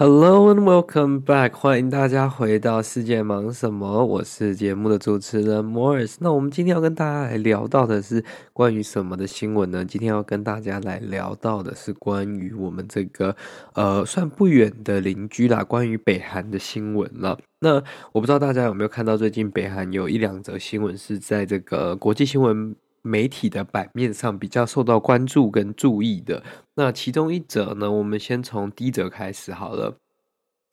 Hello and welcome back！歡迎大家回到《世界忙什麼》。我是節目的主持人摩爾斯。那我們今天要跟大家來聊到的是關於什麼的新聞呢？今天要跟大家來聊到的是關於我們這個呃，算不遠的鄰居啦，關於北韓的新聞了。那我不知道大家有沒有看到最近北韓有一兩則新聞是在這個國際新聞。媒體的版面上比較受到關注跟注意的，那其中一則呢，我們先從第一則開始好了。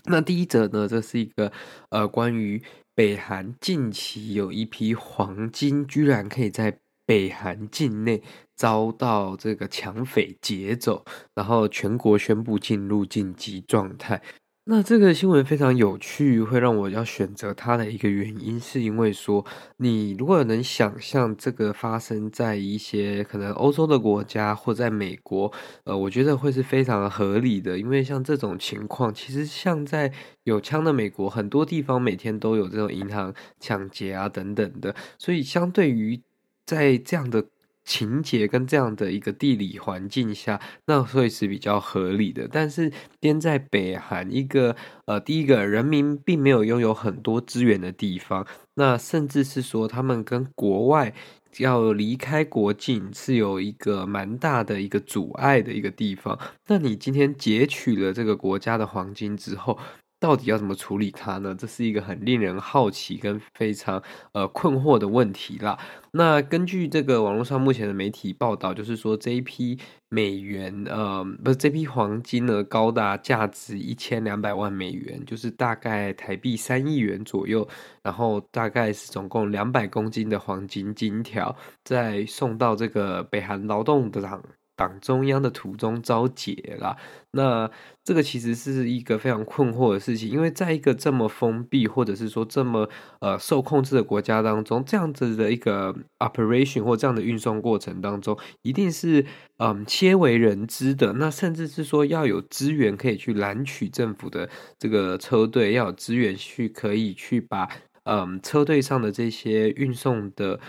那第一則呢，這是一個呃，關於北韓近期有一批黃金居然可以在北韓境內遭到這個搶匪劫走，然後全國宣布進入緊急狀態。那這個新聞非常有趣，會讓我要選擇它的一個原因，是因為說你如果能想象這個發生在一些可能歐洲的國家或在美國，呃，我覺得會是非常合理的。因為像這種情況，其實像在有槍的美國，很多地方每天都有這種銀行搶劫啊等等的，所以相對於在這樣的。情節跟這樣的一個地理環境下，那所以是比較合理的。但是，現在北韓一個呃，第一個人民並沒有擁有很多資源的地方，那甚至是說他們跟國外要離開國境是有一個蠻大的一個阻礙的一個地方。那你今天截取了這個國家的黃金之後，到底要怎麼處理它呢？這是一個很令人好奇跟非常呃困惑的問題啦。那根據這個網絡上目前的媒體報道就是說這一批美元呃不是這批黃金呢，高達價值一千兩百萬美元，就是大概台幣三億元左右，然後大概是總共兩百公斤的黃金金條，再送到這個北韓勞動黨。黨中央的途中遭劫了，那這個其實是一個非常困惑的事情，因為在一個這麼封閉或者是說這麼呃受控制的國家當中，這樣子的一個 operation 或這樣的運送過程當中，一定是嗯鮮、呃、為人知的。那甚至是說要有資源可以去攔取政府的這個車隊，要有資源去可以去把嗯、呃、車隊上的這些運送的。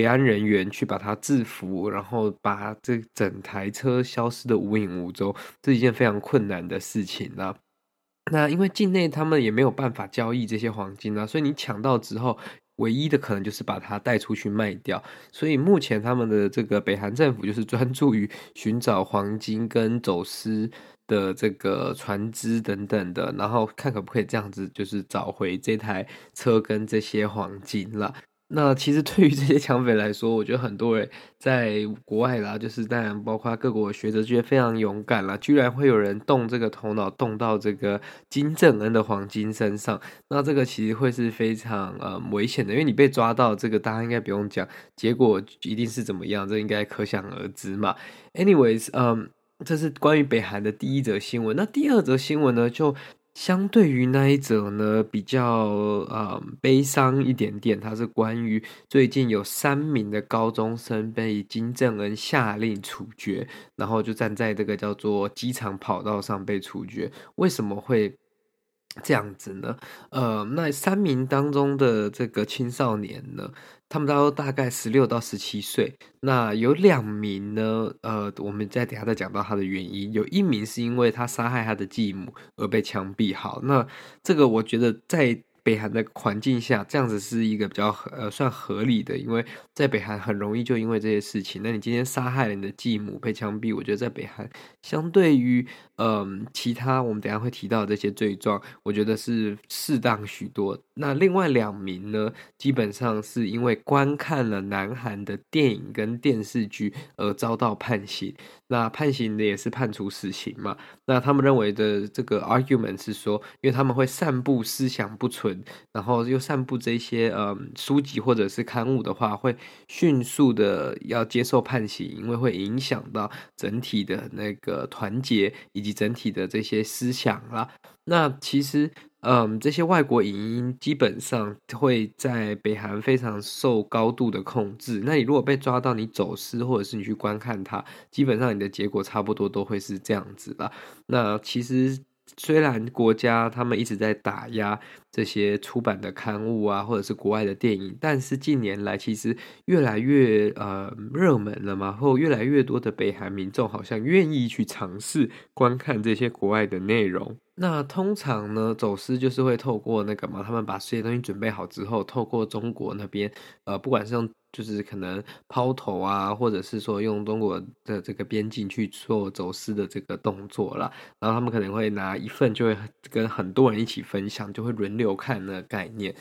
維安人員去把它制服，然後把這整台車消失得無影無蹤，這一件非常困難的事情。那因為境內他們也沒有辦法交易這些黃金，所以你搶到之後，唯一的可能就是把它帶出去賣掉。所以目前他們的這個北韓政府就是專注於尋找黃金跟走私的這個船隻等等的，然後看可不可以這樣子，就是找回這台車跟這些黃金了。那其實對於這些搶匪來說，我覺得很多人在國外啦，就是當然包括各國學者，覺得非常勇敢啦。居然會有人動這個頭腦，動到這個金正恩的黃金身上，那這個其實會是非常呃、嗯、危險的，因為你被抓到這個，大家應該不用講，結果一定是怎麼樣，這應該可想而知嘛。Anyways，嗯，這是關於北韓的第一則新聞。那第二則新聞呢？就。相對於那一則呢，比較呃悲傷一點點。它是關於最近有三名的高中生被金正恩下令處決，然後就站在這個叫做機場跑道上被處決。為什麼會？這樣子呢，呃，那三名當中的這個青少年呢，他們大都大概十六到十七歲。那有兩名呢，呃，我們再底下再講到他的原因。有一名是因為他殺害他的繼母而被槍斃。好，那這個我覺得在北韓的環境下，這樣子是一個比較呃算合理的，因為在北韓很容易就因為這些事情。那你今天殺害了你的繼母被槍斃，我覺得在北韓相對於。嗯，其他我們等下會提到這些罪狀，我覺得是適當許多。那另外兩名呢，基本上是因為觀看了南韓的電影跟電視劇而遭到判刑。那判刑的也是判處死刑嘛？那他們認為的這個 argument 是說，因為他們會散布思想不純，然後又散布這些嗯書籍或者是刊物的話，會迅速的要接受判刑，因為會影響到整體的那個團結以及。整體的這些思想啦，那其實，嗯，這些外國影音基本上會在北韓非常受高度的控制。那你如果被抓到，你走私或者是你去觀看它，基本上你的結果差不多都會是這樣子啦。那其實。雖然國家他們一直在打壓這些出版的刊物啊，或者是國外的電影，但是近年來其實越來越呃熱門了嘛，然後越來越多的北韓民眾好像願意去嘗試觀看這些國外的內容。那通常呢，走私就是會透過那個嘛，他們把這些東西準備好之後，透過中國那邊呃，不管是用。就是可能拋頭啊，或者是說用中國的這個邊境去做走私的這個動作啦，然後他們可能會拿一份，就會跟很多人一起分享，就會輪流看那個概念。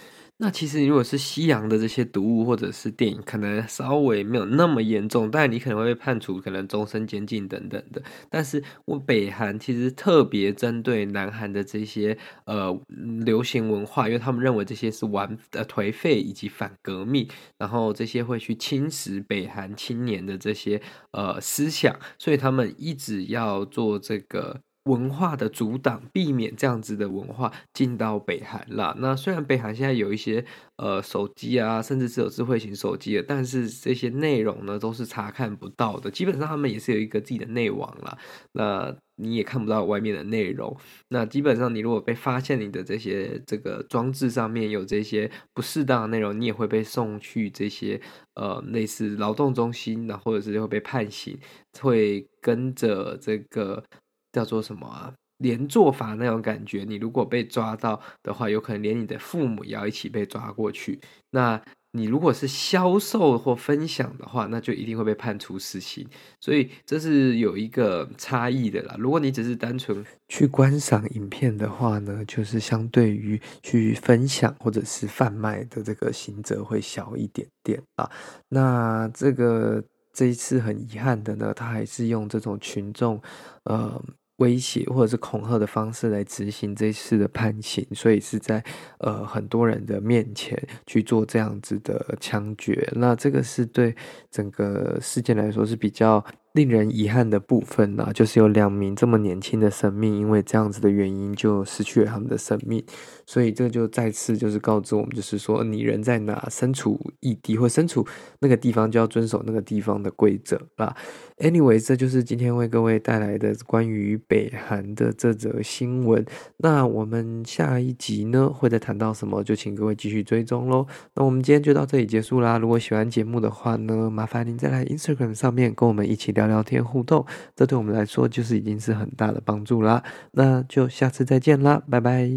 那其實，如果是西洋的這些讀物或者是電影，可能稍微沒有那麼嚴重，但你可能會被判處可能終身監禁等等的。但是，我北韓其實特別針對南韓的這些呃流行文化，因為他們認為這些是玩呃頹廢以及反革命，然後這些會去侵蝕北韓青年的這些呃思想，所以他們一直要做這個。文化的阻擋，避免這樣子的文化進到北韓啦。那雖然北韓現在有一些呃手機啊，甚至是有智慧型手機的，但是這些內容呢都是查看不到的。基本上他們也是有一個自己的內網了，那你也看不到外面的內容。那基本上你如果被發現你的這些這個裝置上面有這些不適當的內容，你也會被送去這些呃類似勞動中心，然後或者是會被判刑，會跟着這個。叫做什麼啊，連坐法那種感覺？你如果被抓到的話，有可能連你的父母也要一起被抓過去。那你如果是銷售或分享的話，那就一定會被判處死刑。所以這是有一個差異的啦。如果你只是單純去觀賞影片的話呢，就是相對於去分享或者是販賣的這個刑責，會小一點點啊。那這個這一次很遺憾的呢，他還是用這種群眾，呃。威脅或者是恐嚇的方式來執行這次的判刑，所以是在呃很多人的面前去做這樣子的槍決，那這個是對整個事件來說是比較。令人遺憾的部分呢、啊，就是有兩名這麼年輕的生命，因為這樣子的原因就失去了他們的生命，所以這就再次就是告知我們，就是說你人在哪，身處異地或身處那個地方，就要遵守那個地方的規則啦。Anyway，這就是今天為各位帶來的關於北韓的這則新聞。那我們下一集呢，會再談到什麼，就請各位繼續追蹤嘍。那我們今天就到這裡結束啦。如果喜歡節目的話呢，麻煩您再來 Instagram 上面跟我們一起聊。聊聊天互動，這對我們來說就是已經是很大的幫助啦。那就下次再見啦，拜拜。